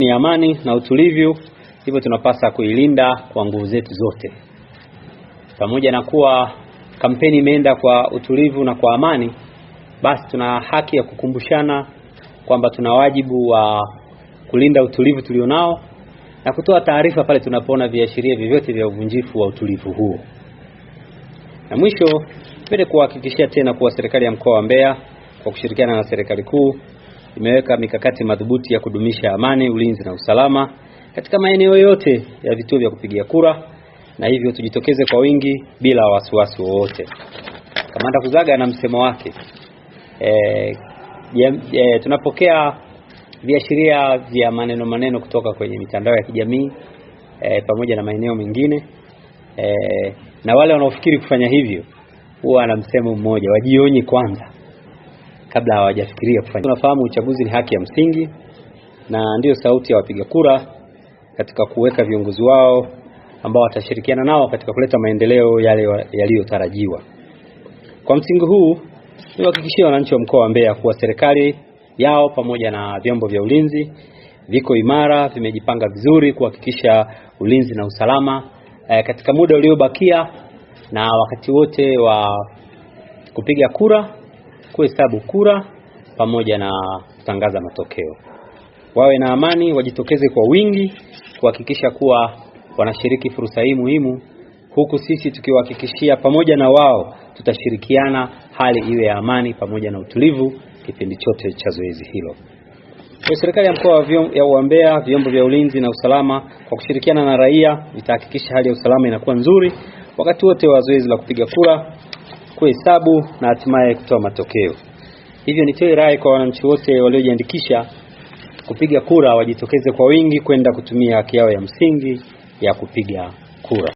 ni amani na utulivu, hivyo tunapasa kuilinda kwa nguvu zetu zote. Pamoja na kuwa kampeni imeenda kwa utulivu na kwa amani, basi tuna haki ya kukumbushana kwamba tuna wajibu wa kulinda utulivu tulionao na kutoa taarifa pale tunapoona viashiria vyovyote vya uvunjifu wa utulivu huo. Na mwisho, pende kuhakikishia tena kuwa serikali ya mkoa wa Mbeya kwa kushirikiana na serikali kuu imeweka mikakati madhubuti ya kudumisha amani, ulinzi na usalama katika maeneo yote ya vituo vya kupigia kura, na hivyo tujitokeze kwa wingi bila wasiwasi wowote. Kamanda Kuzaga na msemo wake e, e, tunapokea viashiria vya maneno maneno kutoka kwenye mitandao ya kijamii e, pamoja na maeneo mengine e, na wale wanaofikiri kufanya hivyo huwa na msemo mmoja, wajionye kwanza kabla hawajafikiria kufanya. Tunafahamu uchaguzi ni haki ya msingi na ndiyo sauti ya wapiga kura katika kuweka viongozi wao ambao watashirikiana nao katika kuleta maendeleo yale yaliyotarajiwa. Kwa msingi huu, niwahakikishie wananchi wa mkoa wa Mbeya kuwa serikali yao pamoja na vyombo vya ulinzi viko imara, vimejipanga vizuri kuhakikisha ulinzi na usalama e, katika muda uliobakia na wakati wote wa kupiga kura kuhesabu kura pamoja na kutangaza matokeo. Wawe na amani, wajitokeze kwa wingi kuhakikisha kuwa wanashiriki fursa hii muhimu, huku sisi tukiwahakikishia pamoja na wao tutashirikiana hali iwe ya amani pamoja na utulivu kipindi chote cha zoezi hilo. Kwa serikali ya mkoa wa Mbeya, vyombo vya ulinzi na usalama kwa kushirikiana na raia vitahakikisha hali ya usalama inakuwa nzuri wakati wote wa zoezi la kupiga kura kuhesabu na hatimaye kutoa matokeo. Hivyo nitoe rai kwa wananchi wote waliojiandikisha kupiga kura wajitokeze kwa wingi kwenda kutumia haki yao ya msingi ya kupiga kura.